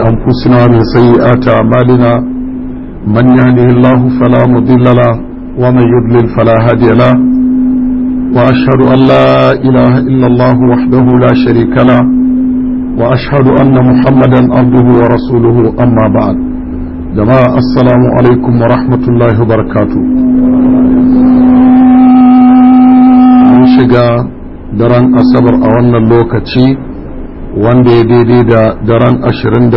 أنفسنا من سيئات أعمالنا من يهده الله فلا مضل له ومن يضلل فلا هادي له وأشهد أن لا إله إلا الله وحده لا شريك له وأشهد أن محمدا عبده ورسوله أما بعد جماعة السلام عليكم ورحمة الله وبركاته shiga daren asabar a wannan lokaci wanda ya daidai da daren 28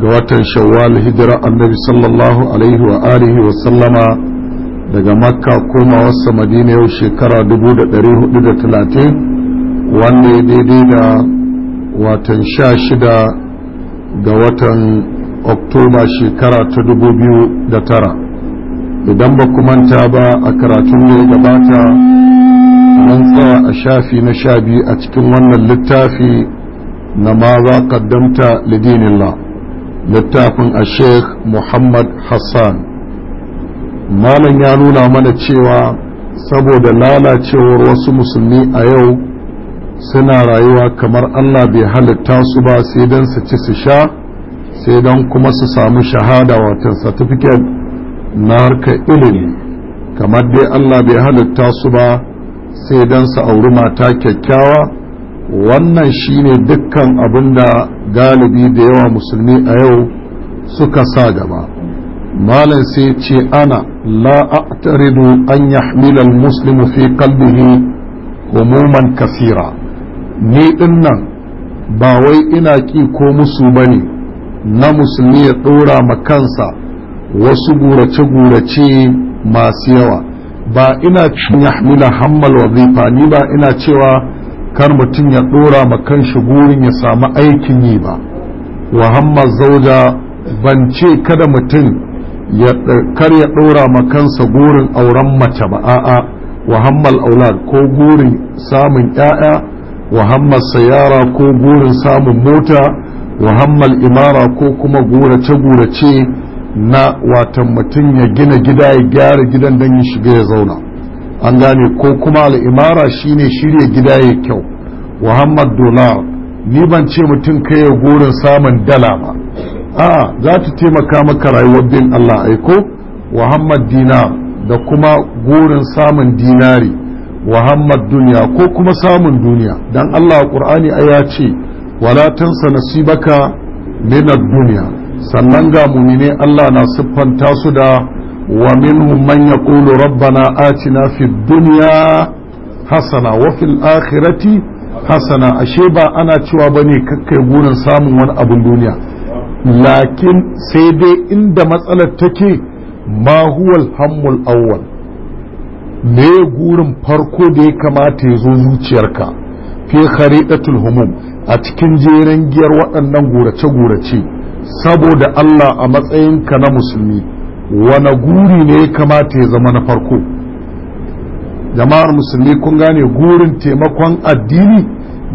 ga watan shawwal hijira annabi sallallahu alaihi wa alihi wa sallama daga makka koma wasa madina yau shekara talatin. wanda ya daidai da watan 16 ga watan oktoba shekara ta 2009 idan ba kuma ta ba a karatun da ya gabata mun tsaya a shafi na sha biyu a cikin wannan littafi na ma za kaddamta lidinillah littafin a sheikh muhammad hassan malam ya nuna mana cewa saboda lalacewar wasu musulmi a yau suna rayuwa kamar allah bai halitta su ba sai don su ci su sha sai don kuma su samu shahada watan certificate na harkar ilimi kamar dai allah bai halitta su ba sai don su auri mata kyakkyawa wannan shine dukkan abin da galibi da yawa musulmi a yau suka sa gaba malam sai ce ana la'atarin an yahmila al-muslimu fi kalbihi humuman kasira ni dinnan ba wai ina ki ko musu bane na musulmi ya dora ma kansa wasu gurace-gurace masu yawa ba ina hamila hammal wazifa ni ba ina cewa kar mutum ya dora ma kan shi gurin ya samu aikin yi ba wa hammal zauja ban ce kada mutum kar ya dora ma kansa gurin auren mace ba a'a wa hammal aulad ko gurin samun 'ya'ya wa hammal sayara ko gurin samun mota wa hammal imara ko kuma gurace-gurace na watan mutum ya gina gida ya gyara gidan don ya shiga ya zauna an gane ko kuma al'imara shine shirya gida ya kyau muhammad dolar ni ban ce mutum kai ya gurin samun dala ba a za ta taimaka maka rayuwar bin allah aiko muhammad dinar da kuma gurin samun dinari muhammad duniya ko kuma samun duniya don allah ƙur'ani a ya ce wala tansa nasibaka min duniya sannan ga mumine Allah na siffanta su da wa minhum man yaqulu rabbana atina fid dunya hasana wa fil akhirati hasana ashe ba ana cewa bane kakkai gurin samun wani abun duniya lakin sai dai inda matsalar take ma huwal hammul awwal me gurin farko da ya kamata ya zo zuciyarka fi kharidatul humum a cikin jeren giyar waɗannan gurace-gurace saboda Allah a matsayinka na musulmi wani guri ne ya kamata ya zama na farko jama'ar musulmi kun gane gurin taimakon addini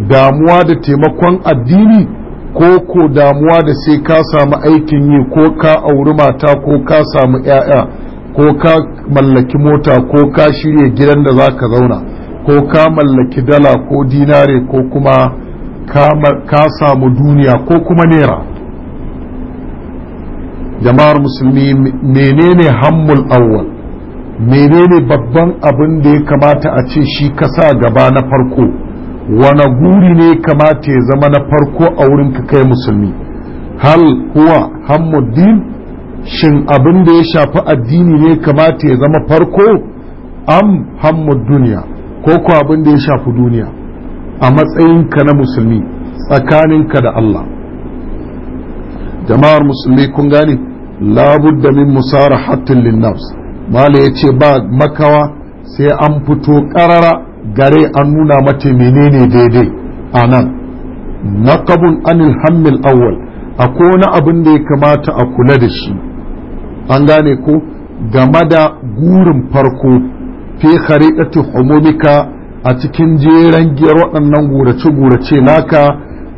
damuwa da taimakon addini ko ko damuwa da sai ka samu aikin yi ko ka auri mata ko ka samu 'ya'ya ko ka mallaki mota ko ka shirya gidan da za ka zauna ko ka mallaki dala ko dinare ko kuma ka samu duniya ko kuma naira jama'ar musulmi menene hammul awwal menene babban abin da ya kamata a ce shi kasa gaba na farko wani guri ne kamata ya zama na farko a wurin ka kai musulmi hal huwa hammuddin shin abin da ya shafi addini ne kamata ya zama farko am hammud duniya ko ko abin da ya shafi duniya a matsayinka na musulmi tsakaninka da Allah jama'ar musulmi kun gane labudda min musara hattin linnafs mala ya ce ba makawa sai an fito karara gare an nuna mata menene daidai a nan naqabun anil hammil awwal akwai wani abin da ya kamata a kula da shi an gane ko game da gurin farko fi khariqati umumika a cikin jeran giyar waɗannan gurace-gurace naka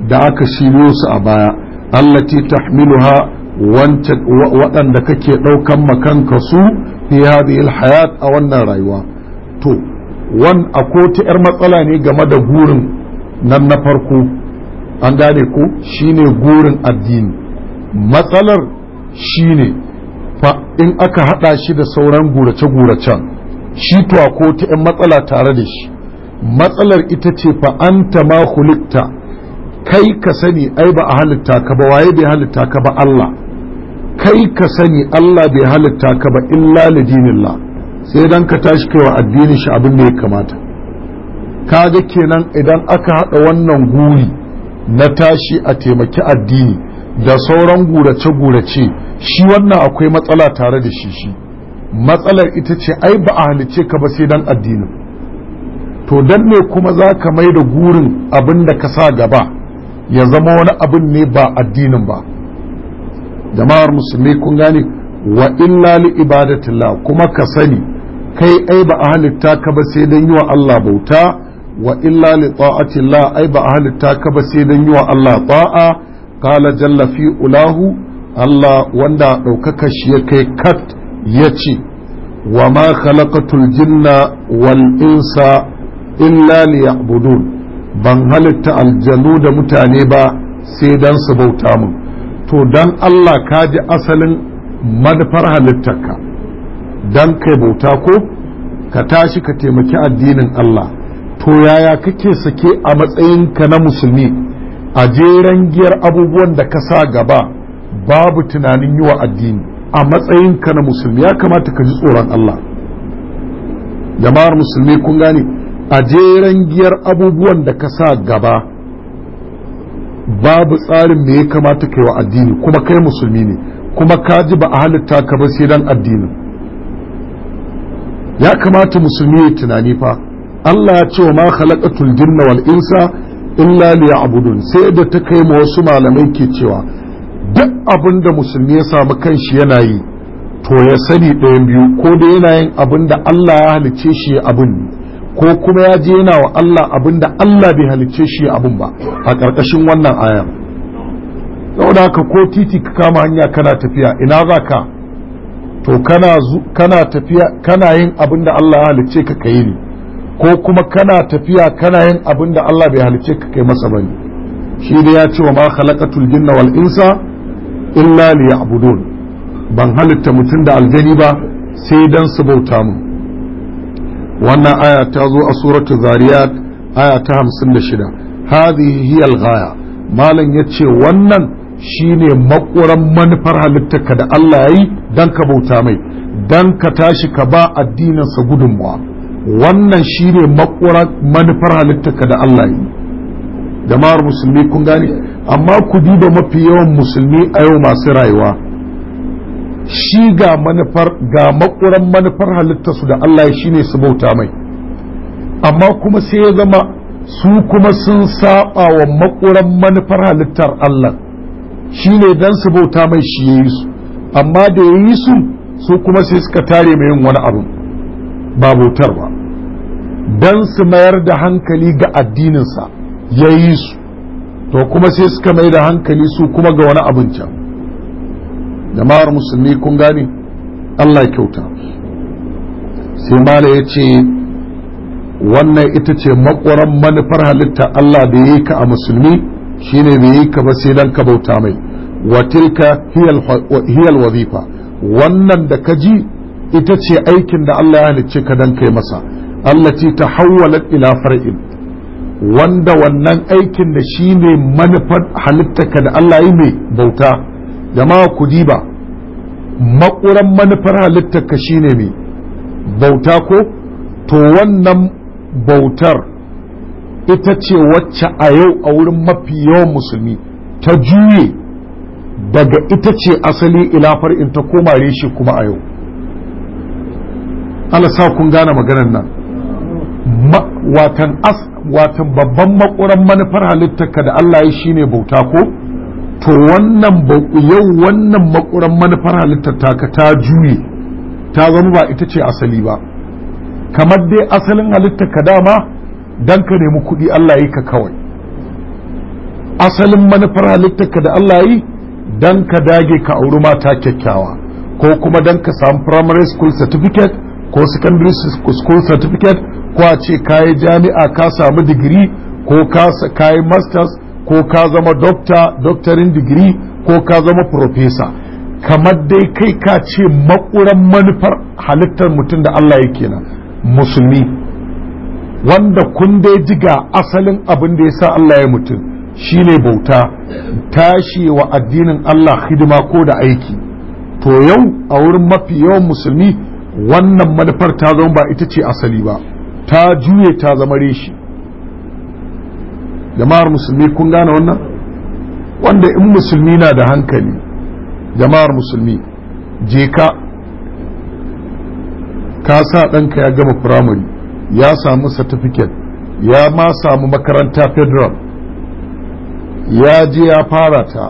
da aka shiryo su a baya allati ha. waɗanda kake ɗaukan makanka su fi hadhihi hayat a wannan rayuwa to wan ko ta yar matsala ne game da gurin nan na farko an gane ko shine gurin addini matsalar shine fa in aka haɗa shi da sauran gurace-guracen shi to ko ta ƴan matsala tare da shi matsalar ita ce fa anta ma hulikta kai ka sani ai ba a halitta ka ba waye bai halitta ka ba Allah kai ka sani Allah bai halitta ka ba illa lidinillah sai dan ka tashi wa addinin shi abin da ya kamata Ka ga kenan idan aka haɗa wannan guri na tashi a taimaki addini da sauran gurace-gurace shi wannan akwai matsala tare da shi shi matsalar ita ce ai ba a halice ka ba sai dan addinin to dan ne kuma za ka mai da gurin abin da ka sa gaba ya zama wani abin ne ba addinin ba jama'ar musulmi kun gane wa illa li ibadatillah kuma ka sani kai ai ba a halitta ka ba sai dan yi wa Allah bauta wa illa li ta'atillah ai ba a halitta ka ba sai dan yi wa Allah ta'a qala jalla fi ulahu Allah wanda ɗaukaka shi ya kai kat yace wa ma khalaqatul jinna wal insa illa liya'budun ban halitta aljanu da mutane ba sai dan su bauta mun to don Allah ka ji asalin manufar halittarka don kai bauta ko ka tashi ka taimaki addinin Allah to yaya kake sake a matsayinka na musulmi a jeren giyar abubuwan da ka sa gaba babu tunanin yi wa addini a matsayinka na musulmi ya kamata ka ji tsoron Allah jama'ar musulmi kun gane a jeren giyar abubuwan da ka sa gaba babu tsarin me ya kamata kai wa addini kuma kai musulmi ne kuma ka ji ba a halitta ka ba sai dan addinin ya kamata musulmi ya tunani fa Allah ya ce wa ma khalaqatul jinna wal insa illa liya'budun sai da ta kai ma wasu malamai ke cewa duk abin da musulmi ya samu kanshi yana yi to ya sani ɗayan biyu ko da yana yin abin da Allah ya halice shi abin ko kuma ya je yana wa Allah abin da Allah bai halicce shi abin ba a ƙarƙashin wannan aya saboda haka ko titi ka kama hanya kana tafiya ina za ka to kana tafiya kana yin abin da Allah ya halicce ka kai ne ko kuma kana tafiya kana yin abin da Allah bai halicce ka kai masa bane shi da ya ce wa ma khalaqatul jinna wal insa illa liya'budun ban halitta mutum da aljani ba sai dan su bauta mu wannan aya ta zo a suratul zariyat aya ta 56 hadhihi hiya alghaya malan malam yace wannan shine makuran manufar halittarka da Allah yayi dan ka bauta mai dan ka tashi ka ba addinin sa gudunmuwa wannan shine makuran manufar halittarka da Allah yayi jama'ar musulmi kun gane amma ku duba mafi yawan musulmi a yau masu rayuwa shi ga manufar ga makuran manufar halittarsu da Allah shi ne su bauta mai amma kuma sai ya zama su kuma sun saba wa makuran manufar halittar Allah Shi ne don su bauta mai shi ya yi su amma da ya yi su su kuma sai suka tare mai yin wani abu ba bautar ba dan su mayar da hankali ga addininsa ya yi su to kuma sai suka mai da hankali su kuma ga wani abin can jama'ar musulmi kun gane Allah kyauta sai mala ya ce wannan ita ce makwaran manufar halitta Allah da yi ka a musulmi shine bai yi ka ba sai dan ka bauta mai watilka hiyal wazifa wannan da ka ji ita ce aikin da Allah ya halicce ka dan kai masa allati tahawwalat ila far'in wanda wannan aikin da shine manufar halittaka da Allah yi mai bauta jama'a ku diba makuran manufar halittarka ka shine mai bauta ko to wannan bautar ita ce wacce a yau a wurin mafi yawan musulmi ta juye daga ita ce asali ilafar in ta koma reshe kuma a yau sa kun gane maganar nan watan babban makuran manufar halittarka da Allah ya shine bauta ko to wannan yau wannan makuran manufar halittar ka ta juye ta zama ba ita ce asali ba kamar dai asalin halittar ka dama dan ka nemi kuɗi Allah yi ka kawai asalin manufar halittar ka da Allah yi dan ka dage ka auri mata kyakkyawa ko kuma dan ka samu primary school certificate ko secondary school certificate ko a ce ka yi jami'a ka samu digiri ko ka yi masters ko ka zama dokta doktorin digiri ko ka zama profesa kamar dai kai ka ce makuran manufar halittar mutum da Allah ya na. musulmi wanda kun dai jiga asalin abin da ya sa Allah ya mutum shi ne bauta tashi wa addinin Allah hidima ko da aiki to yau a wurin mafi yawan musulmi wannan manufar ta zama ba ita ce asali ba ta juye ta zama reshi jama'ar musulmi kun gane wannan wanda in musulmi na da hankali jama'ar musulmi je ka ka sa ɗanka ya gama firamare ya samu certificate ya ma samu makaranta federal ya je ya fara ta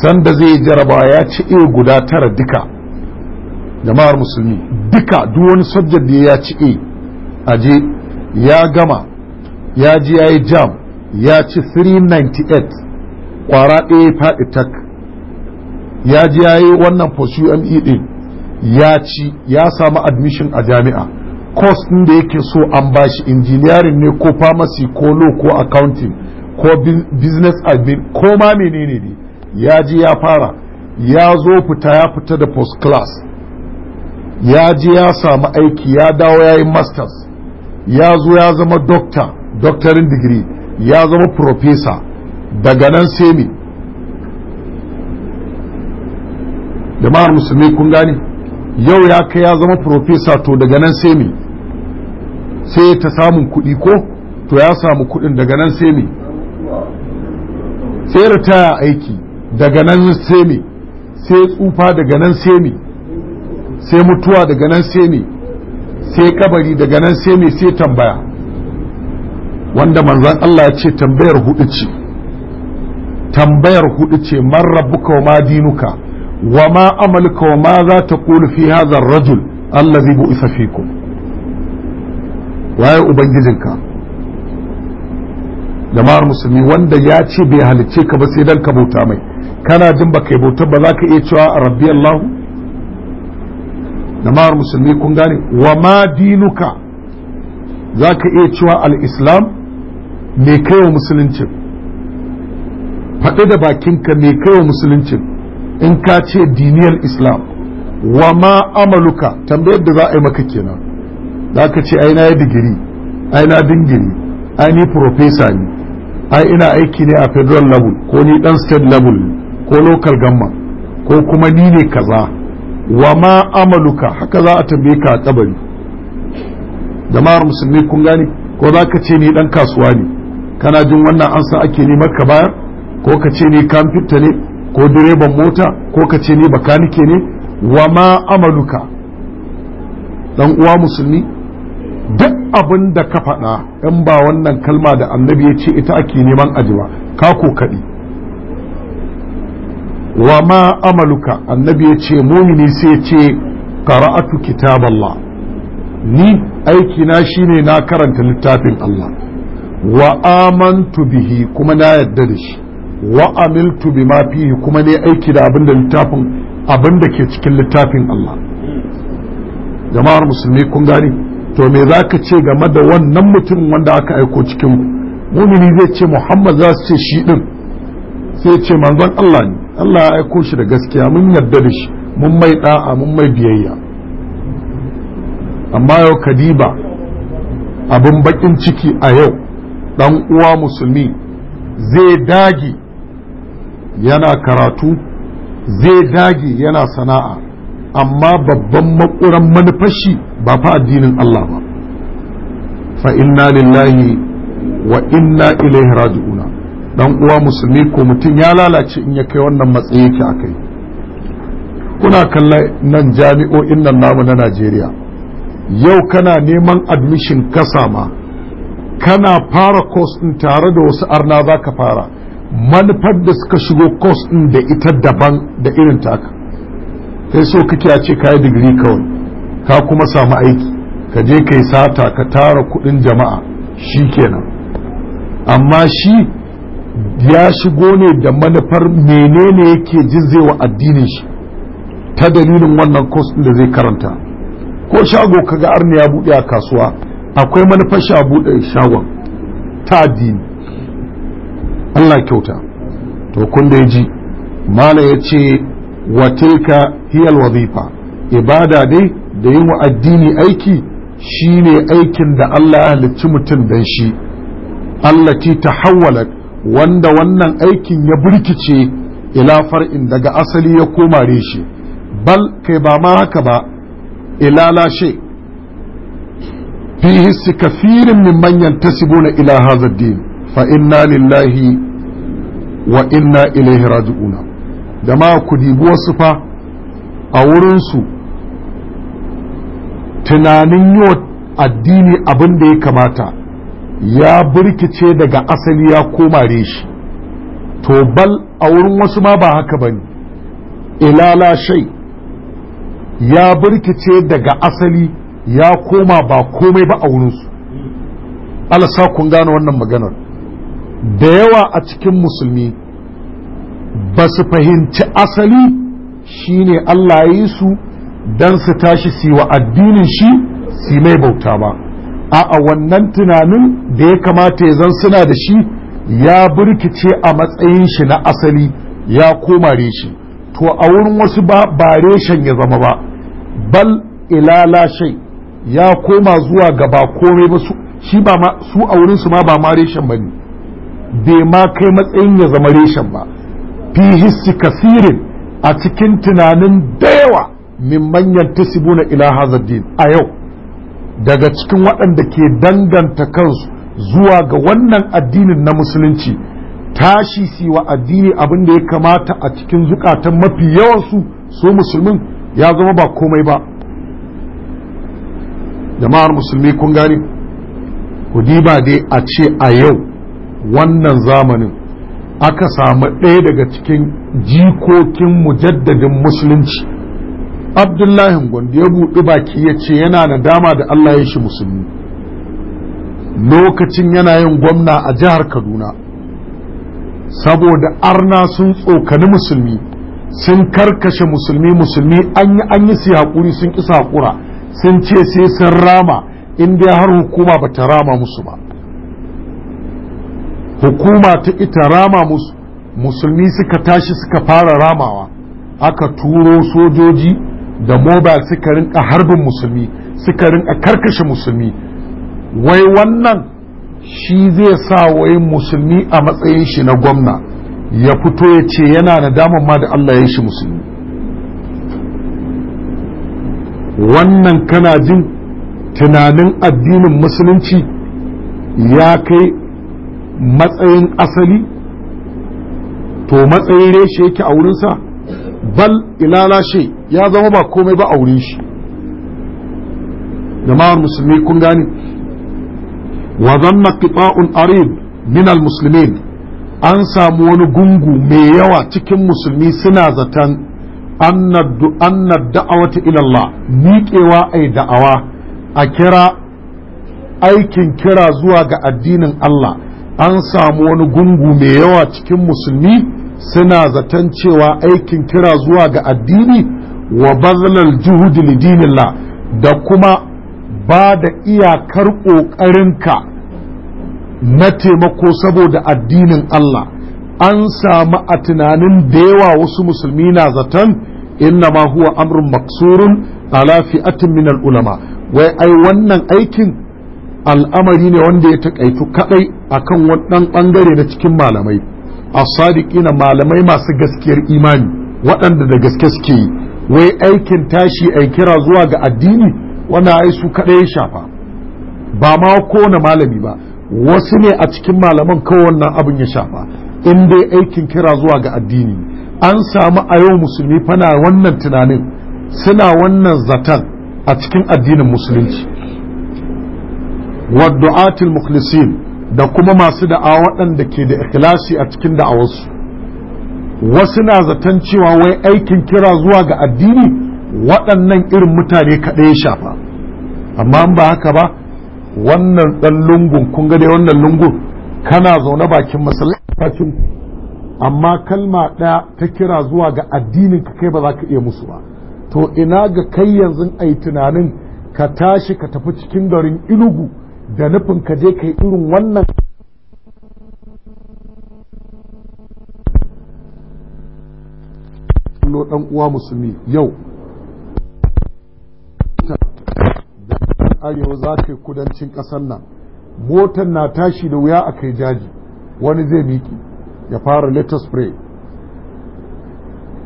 sanda zai jaraba ya ci iya guda tara duka jama'ar musulmi duka duk wani sojjar da ya ci a aje ya gama ya ji ya yi jam ya ci 398 kwara ɗaya faɗi tak ya ji ya yi wannan fosu me ɗin ya ci ya samu admission a jami'a course ɗin da yake so an bashi engineering ne ko pharmacy ko law ko accounting ko business admin ko ma menene ne ya ji ya fara ya zo fita ya fita da post class ya ji ya samu aiki ya dawo ya yi masters ya zo ya zama doctor doctorin degree ya zama profesa daga nan semi jama'ar musulmi kun gani yau ya kai ya zama profesa to daga nan semi sai ta samun kuɗi ko to ya samu kuɗin daga nan sai sai ritaya aiki daga nan semi sai tsufa daga nan semi sai mutuwa daga nan semi sai kabari daga nan semi sai tambaya wanda manzan Allah ya ce tambayar hudu ce tambayar hudu ce man rabbuka wa ma dinuka wa ma amaluka wa ma za ta kulu fi hadha rajul allazi bu isa fikum waye ubangijinka jama'ar musulmi wanda ya ce bai halicce ka ba sai dan ka bauta mai kana jin ba kai bautar ba za ka iya cewa rabbi Allah jama'ar musulmi kun gane wa ma dinuka za ka iya cewa al-islam mai kaiwa musuluncin faɗi da bakinka mai kaiwa musuluncin in ka ce diniyar islam wa ma amaluka tambayar da za a yi maka kenan za ka ce aina ya digiri aina dingiri aini ni profesa ne ai ina aiki ne a federal level ko ni dan state level ko local government ko kuma ni ne kaza wa ma amaluka haka za a tambaye ka a kabari jama'ar musulmi kun gane ko za ka ce ni dan kasuwa ne kana jin wannan an san ake neman ka bayar ko ka ce ni kan fitta ne ko direban mota ko ka ce ni bakanike ne wa ma amaluka dan uwa musulmi duk abin da ka faɗa in ba wannan kalma da annabi ya ce ita ake neman ajiwa ka ko kaɗi wa ma amaluka annabi ya ce mumini sai ce qara'atu kitaballah ni aikina shine na karanta littafin Allah wa amantu bihi kuma na yarda da shi wa amiltu bima fihi kuma ne aiki da abin da littafin abin ke cikin littafin Allah jama'ar musulmi kun gani to me zaka ce game da wannan mutum wanda aka aiko cikin mumini zai ce Muhammad za su ce shi din sai ce manzon Allah ne Allah ya aiko shi da gaskiya mun yarda da shi mun mai da'a mun mai biyayya amma yau kadiba abin bakin ciki a yau ɗan uwa musulmi zai dagi yana karatu zai dagi yana sana'a amma babban makuran manufashi ba fa addinin Allah ba fa inna lillahi wa inna ilaihi raji'una dan uwa musulmi ko mutum ya lalace in ya kai wannan matsayi ki akai kuna kalla nan jami'o'in nan namu na Najeriya yau kana neman admission kasa ma. kana fara course din tare da wasu arna za ka fara manufar da suka shigo course din da ita daban da irin taka sai so kake a ce kayi digiri kawai ka kuma samu aiki ka je kai sata ka tara kuɗin jama'a shi kenan amma shi ya shigo ne da manufar menene yake wa addinin shi ta dalilin wannan course din da zai karanta ko shago kaga arna ya buɗe a kasuwa akwai manufar sha buɗe shagon ta addini Allah kyauta to kun da ji mana ya ce watilka hiyar hiyal wazifa ibada dai da yin wa addini aiki shine aikin da Allah ya halicci mutum don shi Allah ti ta tahawwalat wanda wannan aikin ya burkice ilafar in daga asali ya komare shi. bal kai ba ma haka ba ila lashe fi hissi kafirin min manyan tasibuna ila hadha din fa inna lillahi wa inna ilaihi raji'una jama'a ku dibi wasu fa a wurinsu tunanin yau addini abin da ya kamata ya birkice daga asali ya koma shi. to bal a wurin wasu ma ba haka ba ne ilala shai ya birkice daga asali ya koma ba komai ba a wurinsu alasa kun gane wannan maganar da yawa a cikin musulmi ba su fahimci asali shine Allah ya yi su dan su tashi su wa addinin shi su mai bauta ba a wannan tunanin da ya kamata ya zan suna da shi ya birkice a matsayin shi na asali ya koma reshi to a wurin wasu ba ba reshen ya zama ba bal ila ya koma zuwa ga ba komai ba su shi ba ma su a wurin su ma ba ma reshen bane bai ma kai matsayin ya zama reshen ba fi hissi kasirin a cikin tunanin dayawa yawa min manyan na ilaha hazaddin a yau daga cikin waɗanda ke danganta kansu zuwa ga wannan addinin na musulunci tashi siwa addini abin da ya kamata a cikin zukatan mafi yawansu su musulmin ya zama ba komai ba jama'ar musulmi kun gane ku diba dai a ce a yau wannan zamanin aka samu ɗaya daga cikin jikokin mujaddadin musulunci abdullahi gwanda ya buɗi baki ya ce yana nadama dama da allah ya shi musulmi lokacin yana yin gwamna a jihar kaduna saboda arna sun tsokani musulmi sun karkashe musulmi musulmi an yi siya sun ƙisa haƙura sun ce sai sun rama in har hukuma ba ta rama musu ba hukuma ta ita rama musu musulmi suka tashi suka fara ramawa aka turo sojoji da mobile suka rinka harbin musulmi suka rinka karkashe musulmi wai wannan shi zai sa wai musulmi a matsayin shi na gwamna ya fito ya ce yana nadamar ma da Allah ya shi musulmi wannan kana jin tunanin addinin musulunci ya kai matsayin asali to matsayin reshe yake a wurinsa bal ilalashe ya zama ba komai ba a wurin shi jama'ar musulmi kun gane wa zanna arid min al an samu wani gungu mai yawa cikin musulmi suna zaton an da'awata ilallah Allah miƙewa ayi da'awa a kira aikin kira zuwa ga addinin Allah an samu wani gungu mai yawa cikin musulmi suna zaton cewa aikin kira zuwa ga addini wa bazlal juhudi lidinillah da kuma ba da iyakar ƙoƙarinka na taimako saboda addinin Allah an samu a tunanin da yawa wasu musulmi na zaton innama huwa amrun maksurun ala fi'atin min ulama wai ai wannan aikin al'amari ne wanda ya takaitu kadai akan wannan bangare na cikin malamai a sadiqina malamai masu gaskiyar imani waɗanda da gaske suke yi wai aikin tashi ai kira zuwa ga addini wannan ai su kadai ya shafa ba ma kowane malami ba wasu ne a cikin malaman kawai wannan abin ya shafa in dai aikin kira zuwa ga addini an samu a yau musulmi fana wannan tunanin suna wannan zaton a cikin addinin musulunci wadda'atul mukhlisin da kuma masu da'a waɗanda ke da ikhlasi a cikin da'awarsu wasu na zaton cewa wai aikin kira zuwa ga addini waɗannan irin mutane kaɗai ya shafa amma ba haka ba wannan ɗan lungun kun ga wannan lungun kana zaune bakin masallacin amma kalma ɗaya ta kira zuwa ga addinin ka kai ba za ka iya musu ba to ina ga kai yanzu a yi tunanin ka tashi ka tafi cikin garin ilugu da nufin ka je ka irin wannan kallo ɗan uwa musulmi yau arewa za ka yi kudancin ƙasar nan motar na tashi da wuya a kai jaji wani zai miƙi ya fara latest spray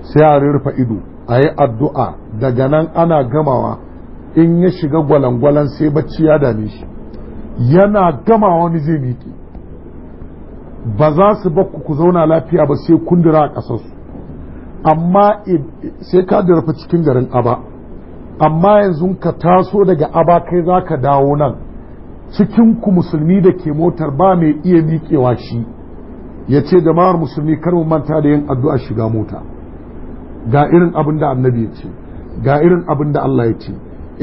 sai a rufe ido a yi addu'a daga nan ana gamawa in ya shiga gwalangwalan sai bacci ya dame shi yana gamawa wani zai miƙe ba za su ba ku zauna lafiya ba sai kundura a ƙasarsu amma sai ka rufe cikin garin aba amma yanzu ka taso daga aba kai za ka dawo nan cikin ku musulmi da ke motar ba mai iya miƙewa shi ya ce jama'ar musulmi kar mu manta da yin addu'a shiga mota ga irin abin da annabi ya ce ga irin abin da Allah ya ce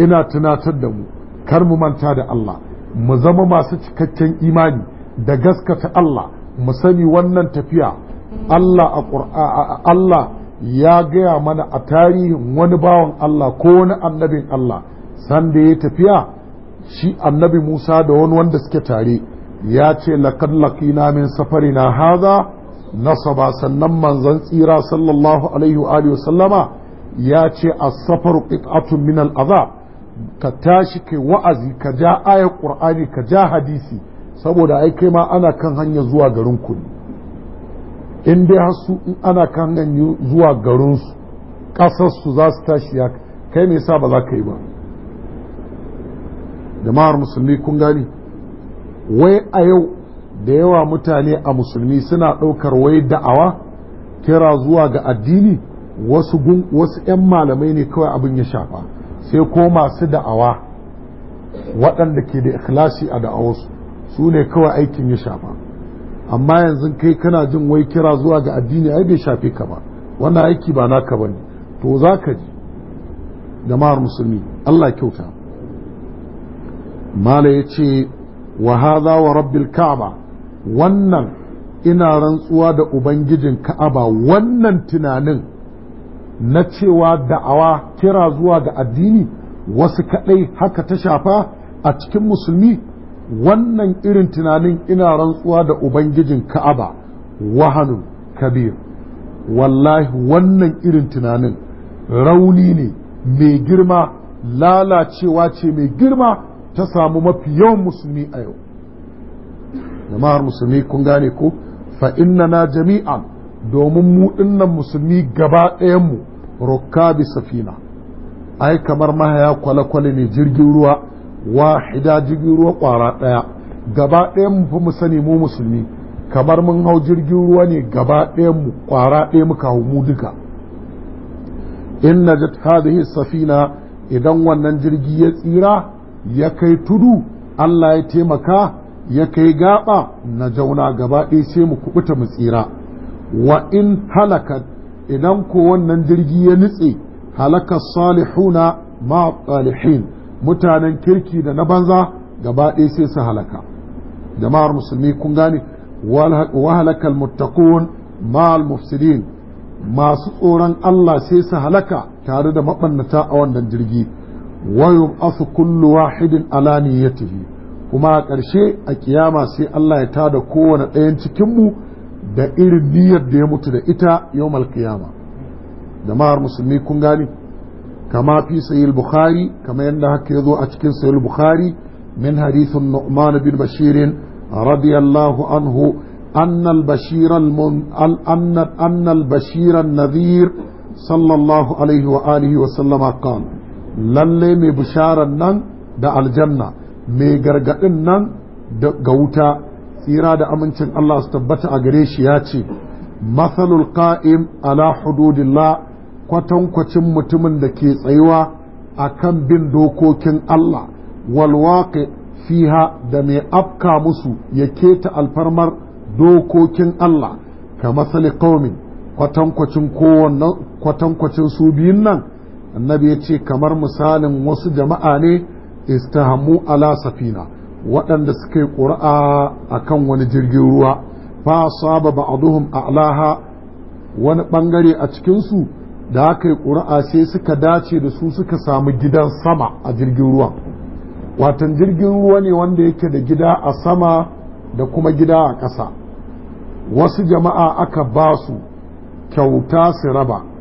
ina tunatar da mu kar mu manta da Allah mu zama masu cikakken imani da gaskata Allah mu sani wannan tafiya Allah a Allah ya gaya mana a tarihin wani bawan Allah ko wani annabin Allah sanda ya tafiya shi annabi Musa da wani wanda suke tare ya ce laƙad na min safari na haza nasaba sannan manzan tsira sallallahu alaihi wa sallama ya ce a safar ƙiƙatun min al'aza ka tashi kai wa'azi ka ja ayar ƙur'ani ka ja hadisi saboda ai kai ma ana kan hanya zuwa garin ku in dai hasu in ana kan hanya zuwa garin garinsu su za su tashi ya kai me sa ba za ka yi ba jama'ar musulmi kun gani wai a yau da yawa mutane a musulmi suna ɗaukar wai da'awa kira zuwa ga addini wasu 'yan malamai ne kawai abin ya shafa sai ko masu da'awa waɗanda ke da ikhlasi a da'awarsu su ne kawai aikin ya shafa amma yanzu kai kana jin wai kira zuwa ga addini ai bai shafe ka ba wannan aiki ba naka bane to za ka ji jama'ar musulmi Allah kyauta mala ya ce Wahaza wa rabbil ka'aba wannan ina rantsuwa da ubangijin ka'aba wannan tunanin na cewa da'awa kira zuwa ga addini wasu kaɗai haka ta shafa a cikin musulmi wannan irin tunanin ina rantsuwa da ubangijin ka'aba wahanun kabir wallahi wannan irin tunanin rauni ne mai girma lalacewa ce mai girma ta samu mafi yawan musulmi a yau jama'ar musulmi kun gane ko fa inna na jami'a domin mu dinnan musulmi gaba ɗayanmu bi safina ai kamar mahaya kwale-kwale ne jirgin ruwa wahida jirgin ruwa kwara ɗaya gaba ɗayanmu fi mu sani mu musulmi kamar mun hau jirgin ruwa ne gaba ɗayanmu kwara ɗaya muka hau mu duka in najat hadhihi safina idan wannan jirgi ya tsira ya kai tudu Allah ya taimaka ya kai gaba na jauna gaba ɗaya sai mu kubuta mu tsira wa in halaka idan ko wannan jirgi ya nitse halaka salihuna ma salihin mutanen kirki da na banza gaba ɗaya sai su halaka jama'ar musulmi kun gane wa halakal muttaqun ma al masu tsoron Allah sai su halaka tare da mabannata a wannan jirgi ويبعث كل واحد على نيته kuma a ƙarshe a kiyama sai Allah ya tada kowane ɗayan cikinmu da irin niyyar da ya mutu da ita yau malkiyama jama'ar musulmi kun gani kama fi sayil bukhari kama yadda haka ya zo a cikin sayil bukhari min hadithun nu'man bin bashirin radiyallahu anhu أن البشير المن... أن... أن البشير النذير صلى الله عليه وآله وسلم قال lalle mai bisharar nan da aljanna mai gargaɗin nan ga wuta tsira da amincin Allah su tabbata a gare shi ya ce matsalul ƙa'im ala hududillah kwatankwacin mutumin da ke tsayuwa a kan bin dokokin Allah walwaƙe fiha da mai afka musu ya keta alfarmar dokokin Allah ka matsali kowannan kwatankwacin su biyun nan annabi ya ce kamar misalin wasu jama'a ne istahamu ala safina waɗanda suka yi ƙuri'a a kan wani jirgin ruwa fa saba ba'aduhum a'laha wani ɓangare a cikinsu da aka yi ƙuri'a sai suka dace da su suka samu gidan sama a jirgin ruwa watan jirgin ruwa ne wanda yake da gida a sama da kuma gida a ƙasa wasu jama'a aka ba su kyauta su raba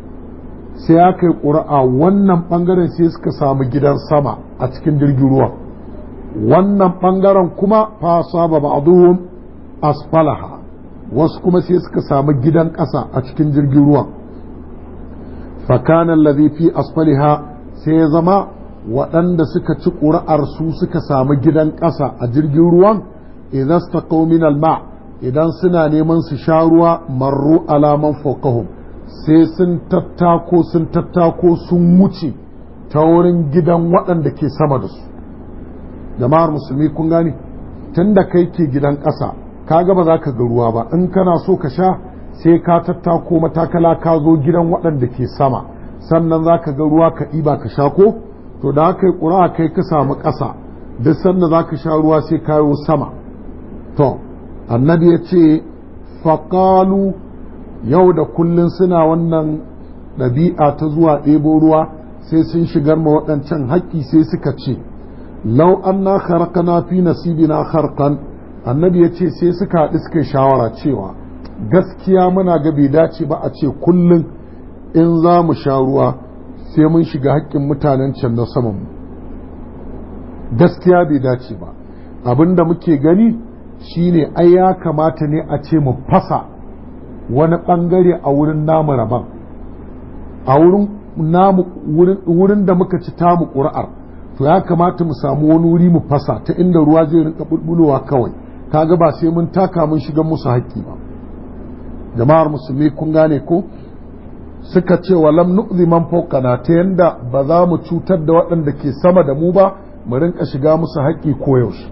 sai ya kai ƙura'a wannan ɓangaren sai suka samu gidan sama a cikin jirgin ruwan wannan ɓangaren kuma fa ba ba'aduhum asfalaha wasu kuma sai suka samu gidan ƙasa a cikin jirgin ruwan fakanan lazifi asfaliha sai ya zama waɗanda suka ci ƙuri'ar su suka samu gidan ƙasa a jirgin ruwan idan suka min ma idan suna neman su sha ruwa marru alaman fokahum sai sun tattako sun tattako sun wuce ta wurin gidan waɗanda ke sama da su jama'ar musulmi kun gani tun da kai ke gidan ƙasa ka gaba za ka ga ruwa ba in kana so ka sha sai ka tattako matakala ka zo gidan waɗanda ke sama sannan za ka ga ruwa ka ɗiba ka sha ko to da haka yi ƙura kai ka samu ƙasa duk sannan za ka sha ruwa sai ka kayo sama to annabi ya ce faƙalu yau da kullun suna wannan ɗabi'a ta zuwa ɗebo ruwa sai sun shigar ma waɗancan haƙƙi sai suka ce lau an na na fi na harkan annabi ya ce sai suka haɗu suka shawara cewa gaskiya muna ga bai dace ba a ce kullum in za mu sha ruwa sai mun shiga haƙƙin mutanen can na saman mu gaskiya bai dace ba abin da muke gani shine ai ya kamata ne a ce mu fasa wani ɓangare a wurin namu rabon a wurin namu wurin da muka ci tamu ƙuri'ar to ya kamata mu samu wani wuri mu fasa ta inda ruwa zai rinka bulbulowa kawai kaga ba sai mun taka mun shiga musu haƙƙi ba jama'ar musulmi kun gane ko suka ce wa lam man fawqana ta yanda ba za mu cutar da waɗanda ke sama da mu ba mu rinka shiga musu haƙƙi koyaushe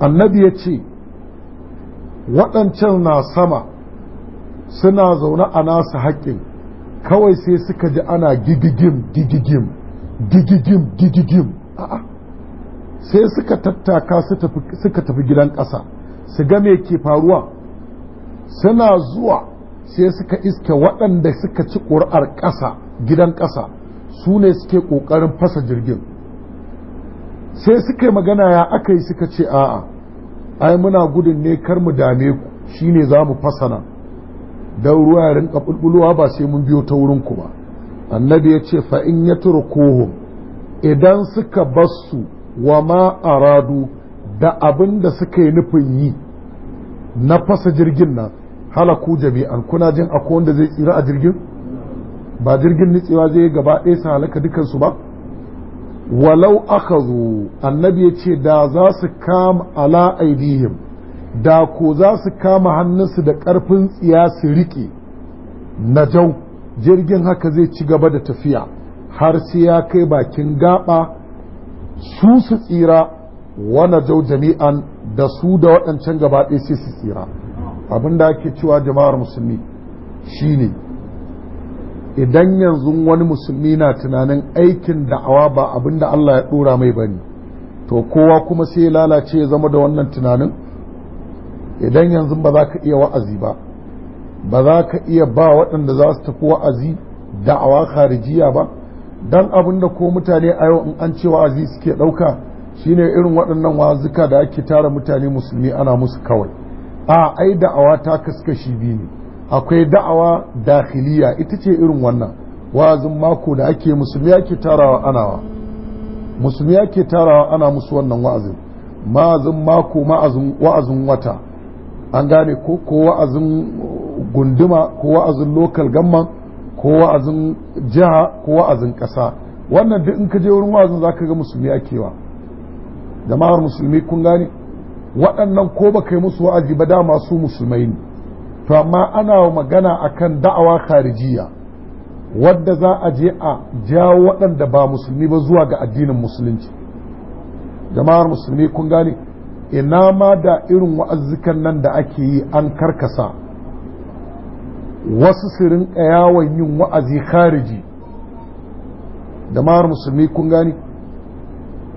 annabi ya ce waɗancan na sama suna zaune a nasu haƙƙin kawai sai suka ji ana gigigim gigigim gigigim gigigim a'a sai suka tattaka suka tafi gidan ƙasa su ga ke faruwa suna zuwa sai suka iske waɗanda suka ci ƙuri'ar ƙasa gidan ƙasa su ne suke ƙoƙarin fasa jirgin sai suka magana ya aka yi suka ce a'a ai muna gudun ne kar mu dame ku shine za mu fasa nan don ruwa ya rinka bulbulowa ba sai mun biyo ta wurin ku ba annabi ya ce fa in ya kohun. idan suka basu wa ma aradu da abin da suka yi nufin yi na fasa jirgin nan halaku jami'an kuna jin akwai wanda zai tsira a jirgin ba jirgin nitsewa zai yi gaba ɗaya su halaka dukansu ba walau aka zo annabi ya ce da za su kama ala aidihim da ko za su kama hannunsu da ƙarfin tsiya su riƙe na jau jirgin haka zai ci gaba da tafiya har sai ya kai bakin gaɓa su su tsira wana jau jami'an da su da waɗancan gaba ɗaya sai su tsira abin da ake cewa jama'ar musulmi shine idan yanzu wani musulmi na tunanin aikin da'awa ba abin da Allah ya ɗora mai bane to kowa kuma sai ya lalace ya zama da wannan tunanin idan yanzu ba za ka iya wa'azi ba ba za ka iya ba waɗanda za su tafi wa'azi da'awa kharijiya ba don abin da ko mutane a yau in an ce wa'azi suke ɗauka shine irin waɗannan wazuka da ake tara mutane musulmi ana musu kawai a ai da'awa ta kaskashi biyu ne akwai da'awa dakhiliya ita ce irin wannan wa'azin mako da ake musulmi ake tarawa anawa musulmi ake tarawa ana musu wannan wa'azin ma'azin mako ma'azin wa'azin wata an gane ko ko wa'azin gunduma ko wa'azin lokal gamman ko wa'azin jiha ko wa'azin ƙasa wannan duk in ka je wurin wa'azin za ka ga musulmi kewa. jama'ar musulmi kun gane waɗannan ko ba kai musu wa'azi ba dama su musulmai ne to amma ana magana akan da'awa kharijiya wadda za a je a jawo waɗanda ba musulmi ba zuwa ga addinin musulunci jama'ar musulmi kun gane ina ma da irin wa'azzukan nan da ake yi an karkasa wasu su sirin yawon yin wa'azi khariji da mawar musulmi kun gani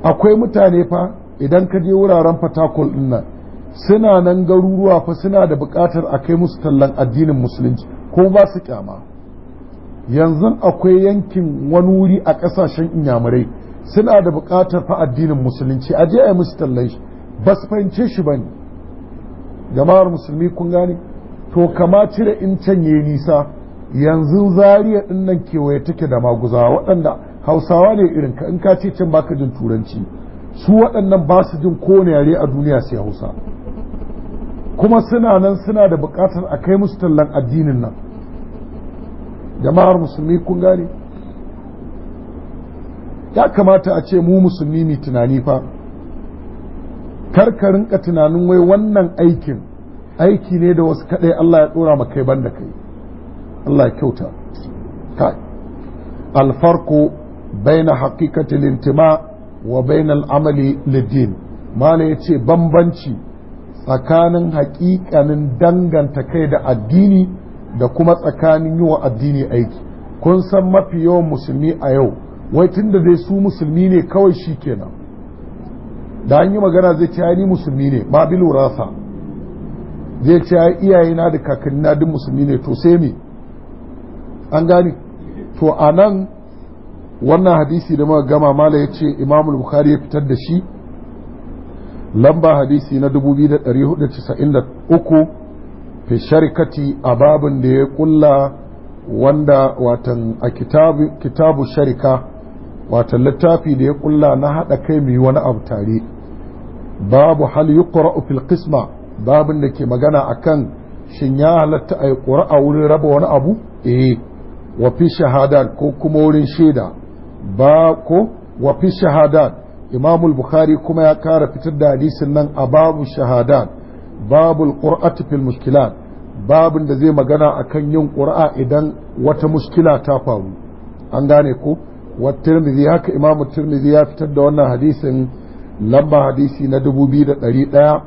akwai mutane fa idan ka je wuraren fatakol nan suna nan garuruwa fa suna da buƙatar a kai musu tallan addinin musulunci ko ba su kyama yanzu akwai yankin wani wuri a ƙasashen inyamurai suna da buƙatar fa addinin musulunci a je a yi musu tallan shi ba su fahimce shi ba ne jama'ar musulmi kun gane to kama cire in canye nisa yanzu zariya din nan kewaye take da maguzawa waɗanda hausawa ne irin ka in ka ce can baka jin turanci su waɗannan ba su jin kowane yare a duniya sai hausa kuma suna nan suna da buƙatar a kai musu tallan addinin nan jama'ar musulmi kun gane ya kamata a ce mu musulmi mai tunani fa karka rinka tunanin wai wannan aikin aiki ne da wasu kaɗai Allah ya ɗora maka kai banda kai Allah ya kyauta alfarko baina haqiqati lintima wa baina al'amali lidin mala yace bambanci tsakanin haƙiƙanin danganta kai da addini da kuma tsakanin yi wa addini aiki kun san mafi yawan musulmi a yau wai tunda dai su musulmi ne kawai shi kenan da an yi magana zai ce ni musulmi ne ba bi lurasa zai ce iyaye na da kakanni na duk musulmi ne to sai me an gani to a nan wannan hadisi da muka gama mala ya ce imamul bukhari ya fitar da shi lamba hadisi na 2493 fi sharikati a babin da ya kulla wanda watan a kitabu sharika wata littafi da ya kulla na haɗa kai mai wani abu tare babu hal yi fil qisma babin da ke magana akan shin ya halatta a yi wurin raba wani abu eh wa fi shahadat ko kuma wurin shaida ba ko wa fi shahadat bukhari kuma ya kara fitar da hadisin nan a babu shahadat babu qur'ati fil mushkilat babin da zai magana akan yin qura'a idan wata mushkila ta faru an gane ko wa tirmidhi haka imam tirmidhi ya fitar da wannan hadisin lamba hadisi na dubu biyu da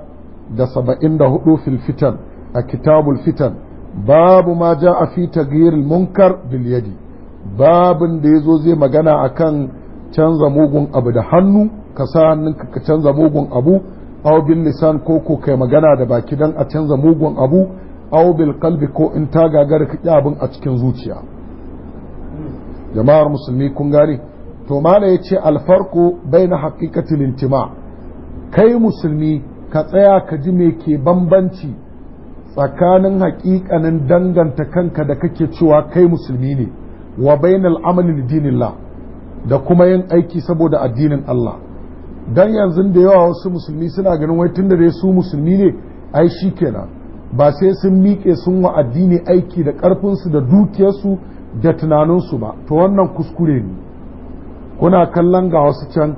da saba'in da fil fitan a kitabul fitan babu ma ja'a fi taghyir munkar bil yadi babin da yazo zai magana akan canza mugun abu da hannu ka sa hannunka ka canza mugun abu aubin lisan ko ko magana da baki dan a canza mugun abu aw kalbi ko in ta gagari ka abin a cikin zuciya jama'ar musulmi kun gane to mana ya ce alfarko bai na haƙiƙatin intima kai musulmi ka tsaya ka ji me ke bambanci tsakanin haƙiƙanin danganta kanka da kake cewa kai musulmi ne wa bainal amalin dinillah da kuma yin aiki saboda addinin Allah dan yanzu da yawa wasu musulmi suna ganin wai tun da dai su musulmi ne ai shikenan ba sai sun miƙe sun wa addini aiki da ƙarfinsu da dukiyarsu da tunaninsu ba to wannan kuskure ne kuna kallon ga wasu can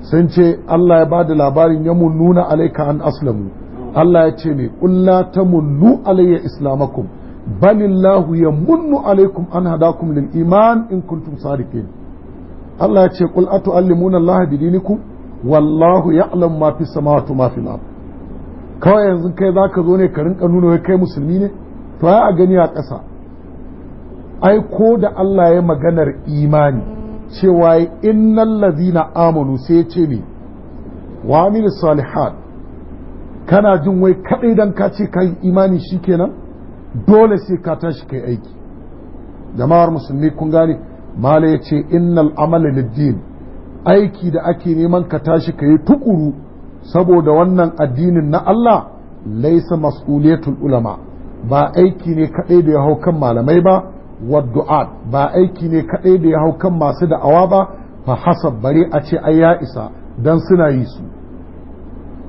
sun ce Allah ya bada labarin ya nuna alaika an aslamu Allah ya ce ne kulla ta munnu alayya islamakum balillahu ya munnu alaikum an hadakum lil iman in kuntum sadiqin Allah ya ce qul atu'allimuna Allah bidinikum wallahu ya'lamu ma fi samawati ma fil ard kawai yanzu kai zaka zo ne ka rinka nuna kai musulmi ne to ai a gani a ƙasa ai ko da Allah ya maganar imani cewa innal ladina amanu sai ya ce me wa amil salihat kana jin wai kadai dan ka ce kai imani shikenan dole sai ka tashi kai aiki jama'ar musulmi kun gane mala ya ce innal amala liddin aiki da ake neman ka tashi ka yi tukuru saboda wannan addinin na Allah laisa mas'uliyatul ulama ba aiki ne kadai da ya hau kan malamai ba waddu'at ba aiki ne kaɗai da ya hau kan masu da'awa ba fa hasab bare a ce ai ya isa dan suna yi su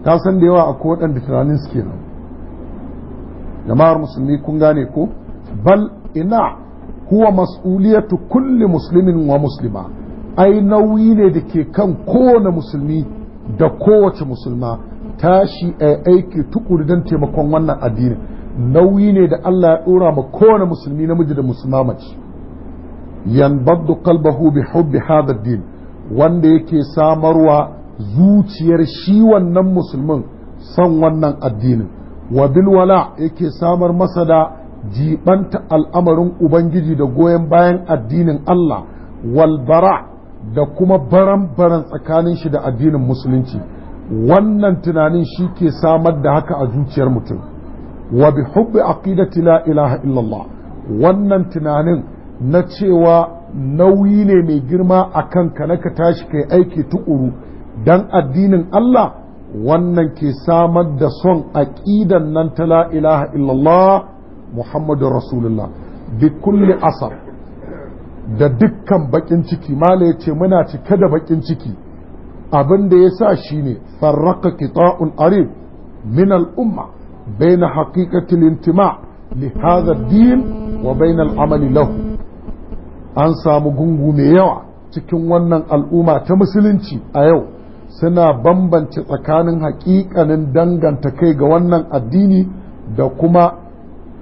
ta san da yawa ko waɗanda tunanin suke nan. jama'ar musulmi kun gane ko bal ina huwa mas'uliyatu kulli muslimin wa muslima ai nauyi ne da ke kan kowane musulmi da kowace musulma tashi a aiki tukuri don taimakon wannan addinin nauyi ne da Allah ya ɗora ma kowane musulmi namiji da musulma mace baddu qalbahu bi hubbi hadha din wanda yake samarwa zuciyar shi wannan musulmin son wannan addinin wa wala yake samar masa da jibanta al'amarin ubangiji da goyon bayan addinin Allah walbara da kuma baran-baran tsakanin shi da addinin musulunci wannan tunanin shi ke samar da haka a zuciyar mutum wa bi hubbi aqidati la ilaha illallah wannan tunanin na cewa nauyi ne mai girma a ka na ka tashi kai aiki tukuru dan addinin Allah wannan ke samar da son aƙidan nan ta la ilaha illallah Muhammadu Rasulullah bi kulli asar da dukkan bakin ciki mala yace muna cike da bakin ciki abin da ya sa shi ne farraka kita'un arif min umma. بين حقيقة الانتماع لهذا الدين وبين العمل له an samu gungu mai yawa cikin wannan al'umma ta musulunci a yau suna bambance tsakanin haƙiƙanin danganta kai ga wannan addini da kuma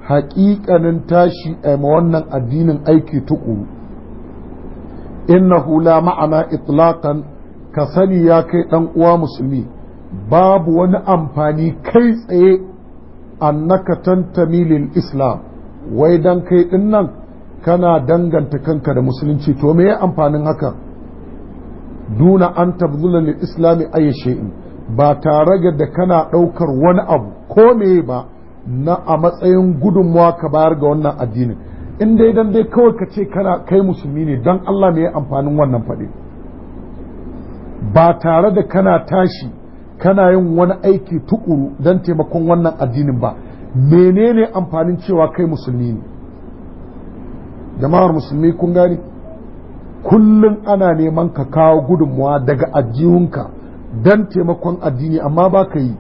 haƙiƙanin tashi a wannan addinin aiki tukuru na hula ma'ana itlaqan ka ya kai ɗan uwa musulmi babu wani amfani kai tsaye annaka tantami lil islam wai dan kai din nan kana danganta kanka da musulunci to me ya amfanin haka duna an tabzula lil islami ayi shay'in ba tare da kana daukar wani abu ko me ba na a matsayin gudunmawa ka bayar ga wannan addinin in dai dan dai kawai ka ce kana kai musulmi ne dan Allah me ya amfanin wannan faɗi ba tare da kana tashi kana yin wani aiki tukuru don taimakon wannan addinin ba menene amfanin cewa kai musulmi ne jama'ar musulmi kun gani kullum ana neman ka kawo gudunmuwa daga ajihunka don taimakon addini amma ba ka yi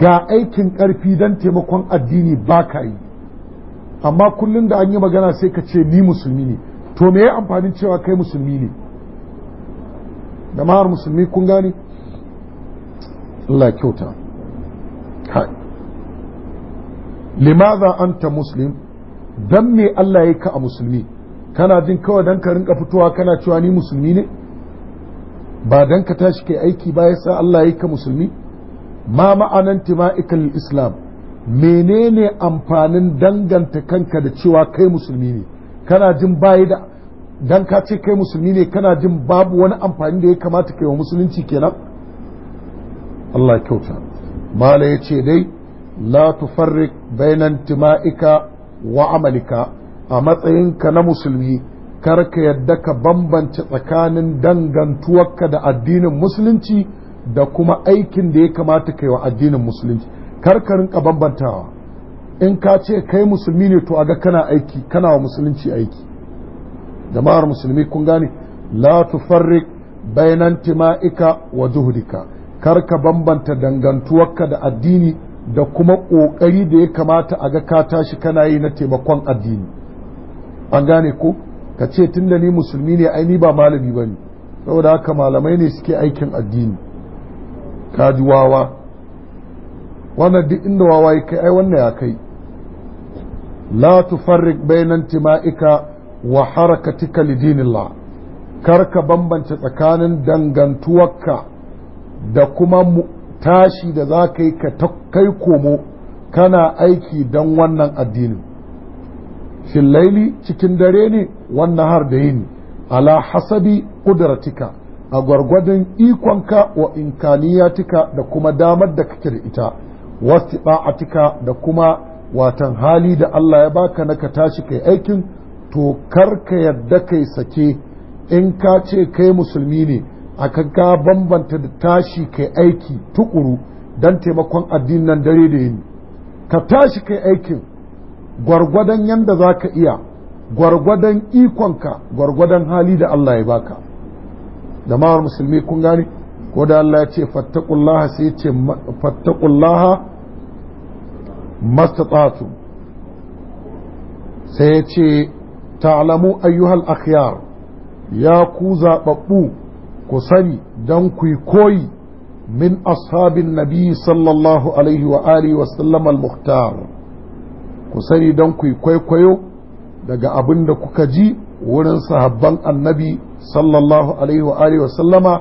ga aikin ƙarfi don taimakon addini ba ka yi amma kullum da an yi magana sai ka ce ni musulmi ne to me amfanin cewa kai musulmi ne jama'ar musulmi kun gani Allah kyauta limaza anta muslim dan me Allah ya ka a musulmi kana jin kawai dan ka rinka fitowa kana cewa ni musulmi ne ba dan ka tashi kai aiki ba yasa Allah ya ka musulmi ma ma'anan tima'ikal islam menene amfanin danganta kanka da cewa kai musulmi ne kana jin bayi da dan ka ce kai musulmi ne kana jin babu wani amfani da ya kamata kai wa musulunci kenan Allah kyauta mala ya ce dai la tufarrik bainan tima'ika wa amalika a matsayinka na musulmi karka yadda ka bambance tsakanin dangantuwarka da addinin musulunci da kuma aikin da ya kamata kai wa addinin musulunci karka rinka bambantawa in ka ce kai musulmi ne to aga kana aiki kana wa musulunci aiki jama'ar musulmi kun gane la tufarrik bainan tima'ika wa juhudika kar ka bambanta dangantuwarka da addini da kuma ƙoƙari da ya kamata a ga ka tashi kana yi na taimakon addini an gane ko ka ce tun da ni musulmi ne ai ni ba malami ba ne saboda haka malamai ne suke aikin addini ka ji wawa wannan duk inda wawa ya kai ai wannan ya kai la tufarriq bainan tima'ika wa harakatika lidinillah kar ka bambanta tsakanin dangantuwarka da kuma tashi da za ka yi ka kai komo kana aiki don wannan addinin fillaili cikin dare ne wannan har da yini ala hasabi ƙudratika a gwargwadon ikonka wa inkaniyatika da kuma damar da kake da ita wasu da kuma watan hali da Allah ya baka na ka tashi kai aikin to kar ka yarda kai sake in ka ce kai musulmi ne a ka bambanta da tashi kai aiki tukuru don taimakon addinin dare da yini ka tashi kai aikin gwargwadon yadda za ka iya gwargwadon ikonka gwargwadon hali da Allah ya baka da mawar musulmi kun gani ko da Allah ya ce fattakullaha sai ce fattakullaha mastatatu sai ya ce ta'lamu ayyuhal akhyar ya ku zaɓaɓɓu ku sani don ku koyi min ashabin nabi sallallahu alaihi wa alihi wa sallam al ku sani don ku kwaikwayo daga abin da kuka ji wurin sahabban annabi sallallahu alaihi wa alihi wa sallama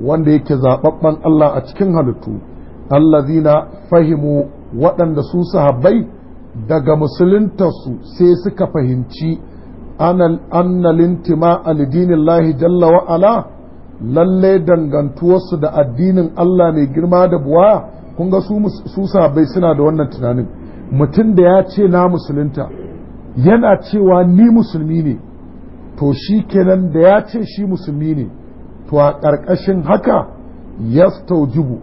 wanda yake zababban Allah a cikin halittu allazina fahimu waɗanda su sahabbai daga musuluntarsu sai suka fahimci annal intima alidinillahi jalla wa'ala lalle dangantuwarsu da addinin Allah mai girma da buwa kun ga su sahabbai suna da wannan tunanin mutum da ya ce na musulunta yana cewa ni musulmi ne to shi kenan da ya ce shi musulmi ne to a ƙarƙashin haka ya staujibu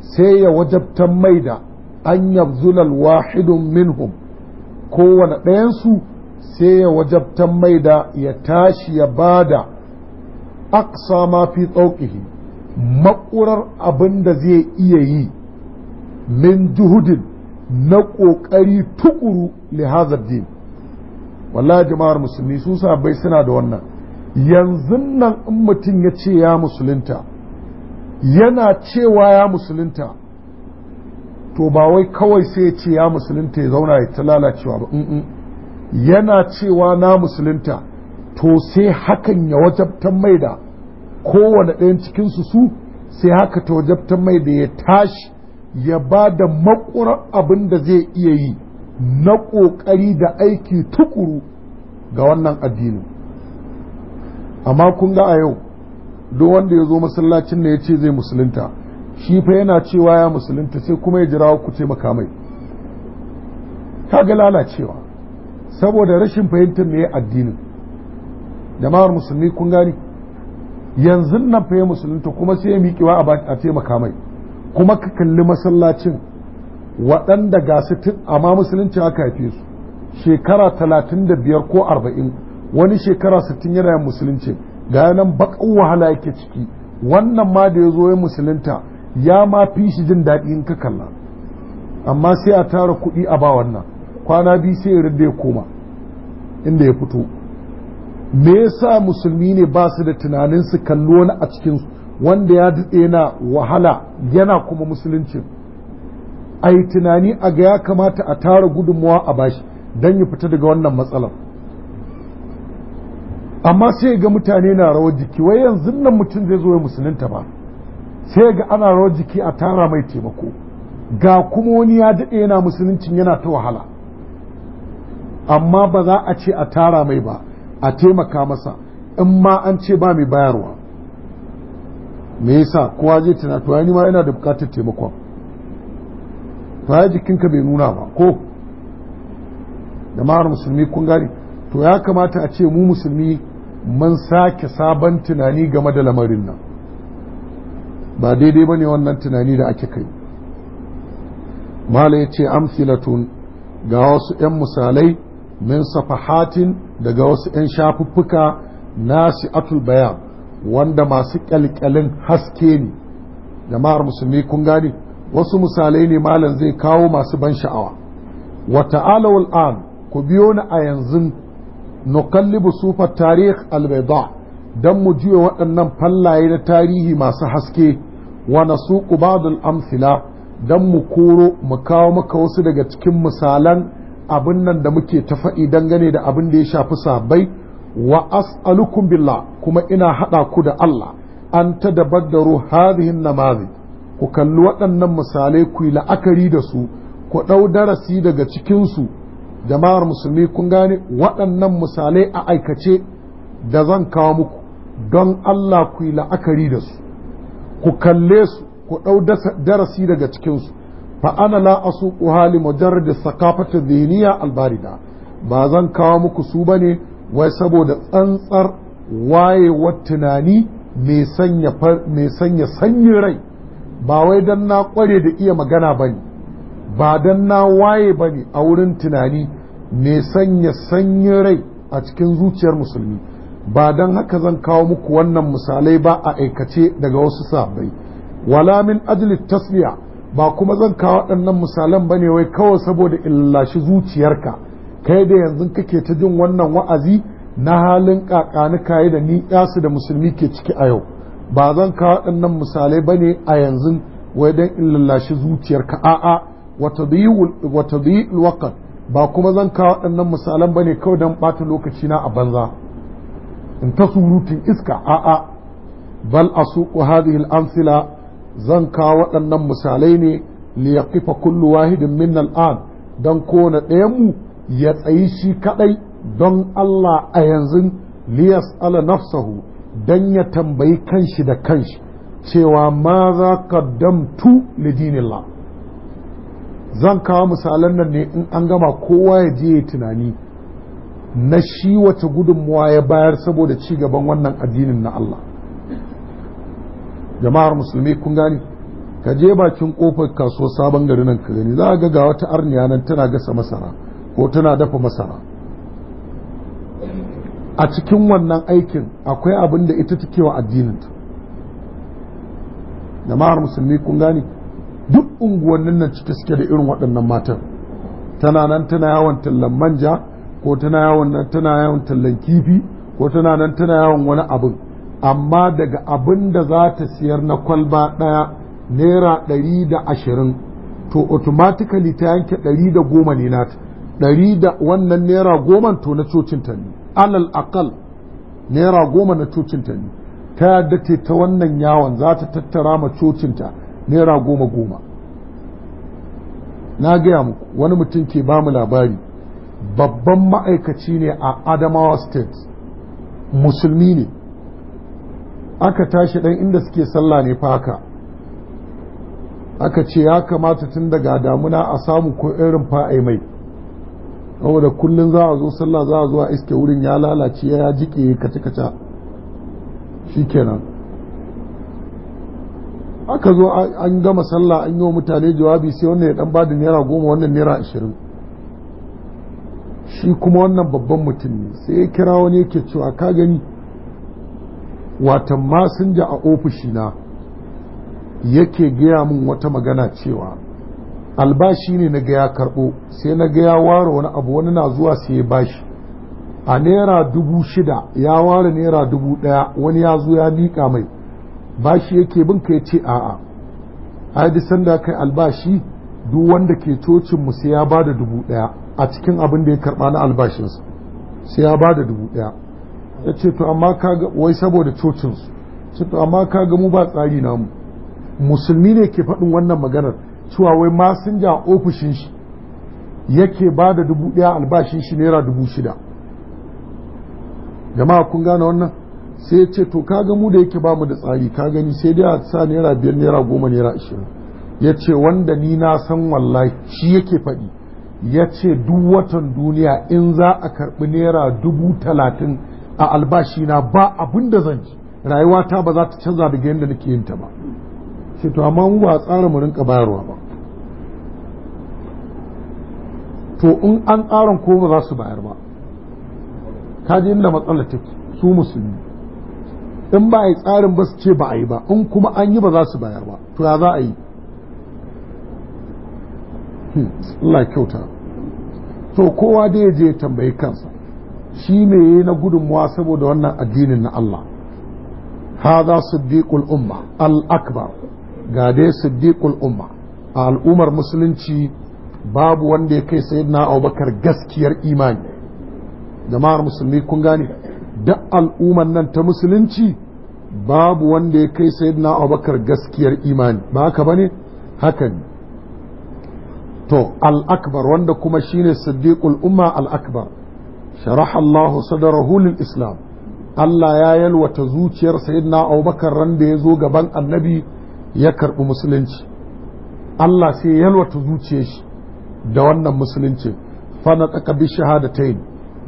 sai ya wajabtan mai da an yabzulal wahidun minhum kowane ɗayansu sai ya wajabtan mai da ya tashi ya bada aqsa ma fi tsauƙihi maƙurar abin da zai iya yi min juhudin na ƙoƙari tukuru lihazar din wallahi jama'ar musulmi su sabai suna da wannan yanzu nan in mutum ya ce ya musulunta yana cewa ya musulunta to ba wai kawai sai ya ce ya musulunta ya zauna ya ta lalacewa ba yana cewa na musulunta to sai hakan ya wajabtan mai da kowane ɗayan cikinsu su sai haka ta wajabtar mai da ya tashi ya ba da makurar abin da zai iya yi na ƙoƙari da aiki tukuru ga wannan addinin amma kun ga a yau duk wanda ya zo masallacin da ya ce zai musulunta shi fa yana cewa ya musulunta sai kuma ya jira ku taimaka mai kaga lalacewa saboda rashin fahimtar me addinin jama'ar musulmi kun gani yanzu nan fa musulunta kuma sai ya miƙewa a taimaka mai kuma ka kalli masallacin waɗanda ga su tun amma musulunci aka haife su shekara talatin da biyar ko arba'in wani shekara sittin yana yin musulunci ga nan baƙin wahala yake ciki wannan ma da ya zo ya musulunta ya ma fi shi jin daɗi in ka kalla amma sai a tara kuɗi a ba wannan kwana biyu sai ya ya koma inda ya fito me yasa musulmi ne ba su da tunanin su kallo wani a cikin wanda ya daɗe na wahala yana kuma musuluncin Ai tunani a ga ya kamata a tara gudunmawa a bashi don ya fita daga wannan matsalar amma sai ga mutane na rawar jiki wai yanzu nan mutum zai zo ya musulunta ba sai ga ana rawar jiki a tara mai taimako ga kuma wani ya daɗe yana musuluncin yana ta wahala amma ba za a ce a tara mai ba a taimaka masa in ma an ce ba mai bayarwa me yasa kowa zai tana to ni ma yana da bukatar taimakon to ya jikinka bai nuna ba ko da mara musulmi kun gane to ya kamata a ce mu musulmi mun sake sabon tunani game da lamarin nan ba daidai ba ne wannan tunani da ake kai mala ya ce amfilatun ga wasu 'yan misalai min safahatin daga wasu 'yan shafuffuka na atul bayan wanda masu ƙyalƙyalin haske ne jama'ar musulmi kun gane wasu misalai ne malam zai kawo masu ban sha'awa Wata alawul an ku biyo ni a yanzu nuqallibu sufar tarih albaida don mu juya waɗannan fallaye na tarihi masu haske wana su ƙubadul amfila don dan mu koro mu kawo maka wasu daga cikin misalan abin nan da muke ta faɗi dangane da abin da ya shafi sabai wa as'alukum billah kuma ina haɗa ku da Allah an ta dabaddaru hadhihin namazi ku kalli waɗannan misalai ku yi la'akari da su ku ɗau darasi daga cikinsu jama'ar musulmi kun gane waɗannan misalai a aikace da zan kawo muku don Allah ku yi la'akari da su ku kalle su ku ɗau darasi daga cikinsu fa ana la asuquha li mujarrad as al-barida ba zan kawo muku su bane wai saboda tsantsar wayewar tunani mai sanya mai sanyin rai ba wai dan na kware da iya magana bane ba dan na waye bane a wurin tunani mai sanya sanyin rai a cikin zuciyar musulmi ba don haka zan kawo muku wannan misalai ba a aikace daga wasu sabai wala min ajli tasliya ba kuma zan kawo waɗannan misalan ba ne wai kawai saboda illashi zuciyarka kai da yanzu kake ta jin wannan wa'azi na halin kakani kayi da ni yasu da musulmi ke ciki a yau ba zan kawo waɗannan misalai ba ne a yanzu wai don illashi zuciyarka a'a wata biyu wakan ba kuma zan kawo waɗannan misalan ba ne kawai don bata lokaci na a banza in ta surutun iska a'a bal asuqu hadhihi al-amsila zan kawo waɗannan misalai ne kifa kullu wahidin min an don kowane mu ya tsayi shi kaɗai don Allah a yanzu liyas ala nafsahu don ya tambayi kanshi da kanshi cewa ma za ka damtu lidinillah zan kawo misalan nan ne in an gama kowa ya je ya tunani na shi wace gudunmuwa ya bayar saboda cigaban wannan addinin na Allah jama'ar musulmi kun gani ka je bakin kofar kasuwar sabon gari nan ka gani za ga ga wata arniya nan tana gasa masara ko tana dafa masara a cikin wannan aikin akwai abin da ita take wa addininta jama'ar musulmi kun gani duk unguwannin nan cike suke da irin waɗannan matan tana nan tana yawon tallan manja ko tana yawon tana yawon tallan kifi ko tana nan tana yawon wani abin amma daga abin da za ta siyar na kwalba ɗaya naira ɗari da ashirin to automatically ta yanke ɗari da goma ne nata ɗari da wannan naira goma to na cocinta ne alal akal naira goma na cocinta ne ta yadda ce ta wannan yawon za ta tattara ma cocinta naira goma goma na gaya muku wani mutum ke ba mu labari babban ma'aikaci ne a adamawa state musulmi ne aka tashi dan inda suke sallah ne fa haka aka ce ya kamata tun daga damuna a samu ko irin fa'ai mai saboda kullum za a zo sallah za a zo a iske wurin ya lalace ya jike kace-kace shikenan aka zo an gama sallah an yi mutane jawabi sai wannan ya dan bada naira goma wannan naira ashirin shi kuma wannan babban mutum ne sai ya kira wani yake cewa ka gani watan masinja a ofishina yake gaya min wata magana cewa albashi ne na gaya karɓo sai na gaya ware wani abu wani na zuwa sai ya bashi a naira dubu shida ya ware naira dubu ɗaya wani ya zo ya miƙa mai bashi yake bin ka ya ce a'a haidi sanda kai albashi duk wanda ke cocin mu sai ya bada dubu ɗaya a cikin abin da ya karba na albashinsa sai ya ba dubu ɗaya ya ce to amma kaga wai saboda cocinsu ce to amma kaga mu ba tsari namu musulmi ne ke faɗin wannan maganar cewa wai masinja ofishin shi yake ba da dubu ɗaya albashin shi naira dubu shida jama'a kun gane wannan sai ya ce to kaga mu da yake bamu da tsari ka gani sai dai a sa naira biyar naira goma naira ashirin ya ce wanda ni na san wallahi shi yake faɗi ya ce duk watan duniya in za a karɓi naira dubu talatin a albashi na ba abin da zan ci rayuwata ba za ta canza daga yadda nake yin ta ba shi to amma mu ba tsara mu rinka bayarwa ba to in an tsara ko ba za su bayar ba Ka ji inda matsala take su musulmi in ba a yi tsarin ba su ce ba a yi ba in kuma an yi ba za su bayar ba to ya za a yi hmm, Allah kyauta to kowa da ya je tambayi kansa shi ne na gudunmuwa saboda wannan addinin na Allah haza siddiqul umma al-akbar ga dai siddiqul umma a al'ummar musulunci babu wanda ya kai na Abubakar gaskiyar imani jama'ar musulmi kun gane da al'ummar nan ta musulunci babu wanda ya kai na Abubakar gaskiyar imani ba haka ne haka ne to al-akbar wanda kuma shine siddiqul umma al-akbar sharaha Allah sadarahu islam Allah ya yalwata zuciyar sayyidina Abubakar ran da ya zo gaban annabi ya karɓi musulunci Allah sai ya yalwata zuciyar shi da wannan musulunci fa na tsaka bi shahadatayn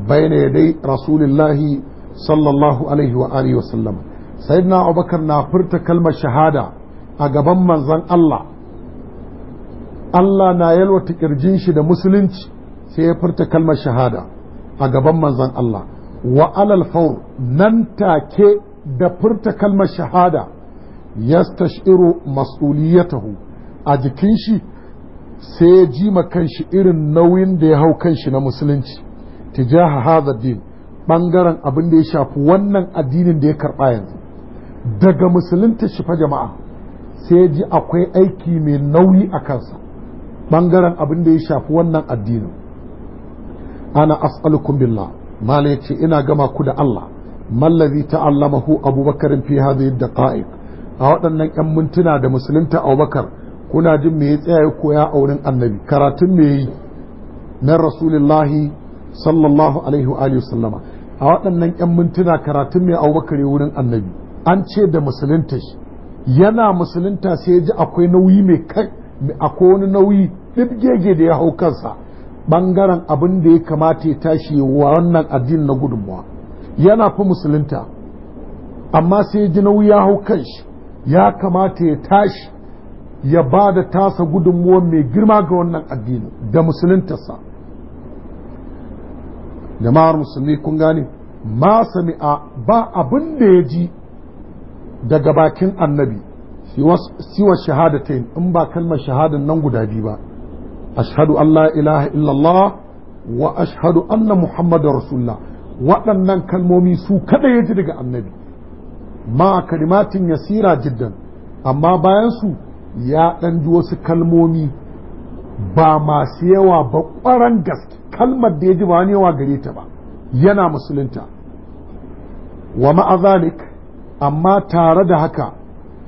ya dai, rasulillahi sallallahu alaihi wa alihi wa sallam sayyidina Abubakar na furta kalmar shahada a gaban manzon Allah Allah na yalwata kirjin shi da musulunci sai ya furta kalmar shahada a gaban manzon Allah wa alal faur nan take da furta kalmar shahada yastashiru mas'uliyatahu a jikin shi sai ya ji kanshi irin nauyin da ya hau kanshi na musulunci tijaha hadha din bangaren abin da ya shafi wannan addinin da ya karba yanzu daga musulunta shi fa jama'a sai ji akwai aiki mai nauyi a kansa bangaren abin da ya shafi wannan addinin ana as'alukum billah malai ce ina gama ku da Allah mallazi ta'allamahu abubakar fi hadhihi daqa'iq a waɗannan ƴan mintuna da musulunta abubakar kuna jin me ya tsaya ya koya a wurin annabi karatun me yi na rasulullahi sallallahu alaihi wa alihi sallama a waɗannan ƴan mintuna karatun me abubakar wurin annabi an ce da musulunta shi yana musulunta sai ya ji akwai nauyi mai kai akwai wani nauyi ɗibgege da ya hau kansa bangaren abin da ya kamata ya tashi wa wannan addini na gudunmuwa yana fi musulunta amma sai ji nauyi ya hau kanshi ya kamata ya tashi ya ba da tasa gudunmuwa mai girma ga wannan addini da musuluntarsa jama'ar musulmi kun gane ma sami'a ba abin da ya ji daga bakin annabi siwa shahadatain in ba kalmar shahadan nan guda biyu ba ashadu an la ilaha illallah wa ashhadu anna Muhammadu rasulullah waɗannan kalmomi su kaɗai ya ji daga annabi ma kalimatin yasira jiddan amma bayan su ya ɗan ji wasu kalmomi ba masu yawa ba ƙwaran gaske kalmar da ya ji ba wani yawa gare ta ba yana musulunta wa ma'azalik amma tare da haka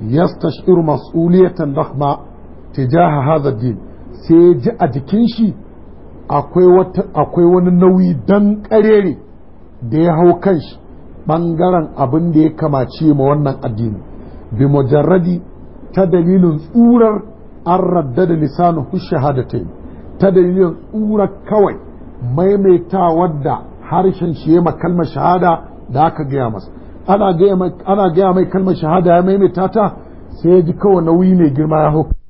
yastashiru mas'uliyatan rahma tijaha hadha din sai ji a jikin shi akwai wani nauyi dan karere da ya hau kan shi ɓangaren abin da ya kamace ma wannan addini bi mujarradi ta dalilin tsurar an radda da lisanu shahadatain ta dalilin tsurar kawai maimaitawar da harshen shi ya kalmar shahada da aka gaya masa ana gaya mai kalmar shahada ya maimaita ta sai ya ji kawai nauyi mai girma ya hau